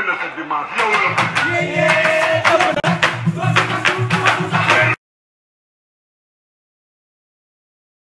na sa dimanche yow la.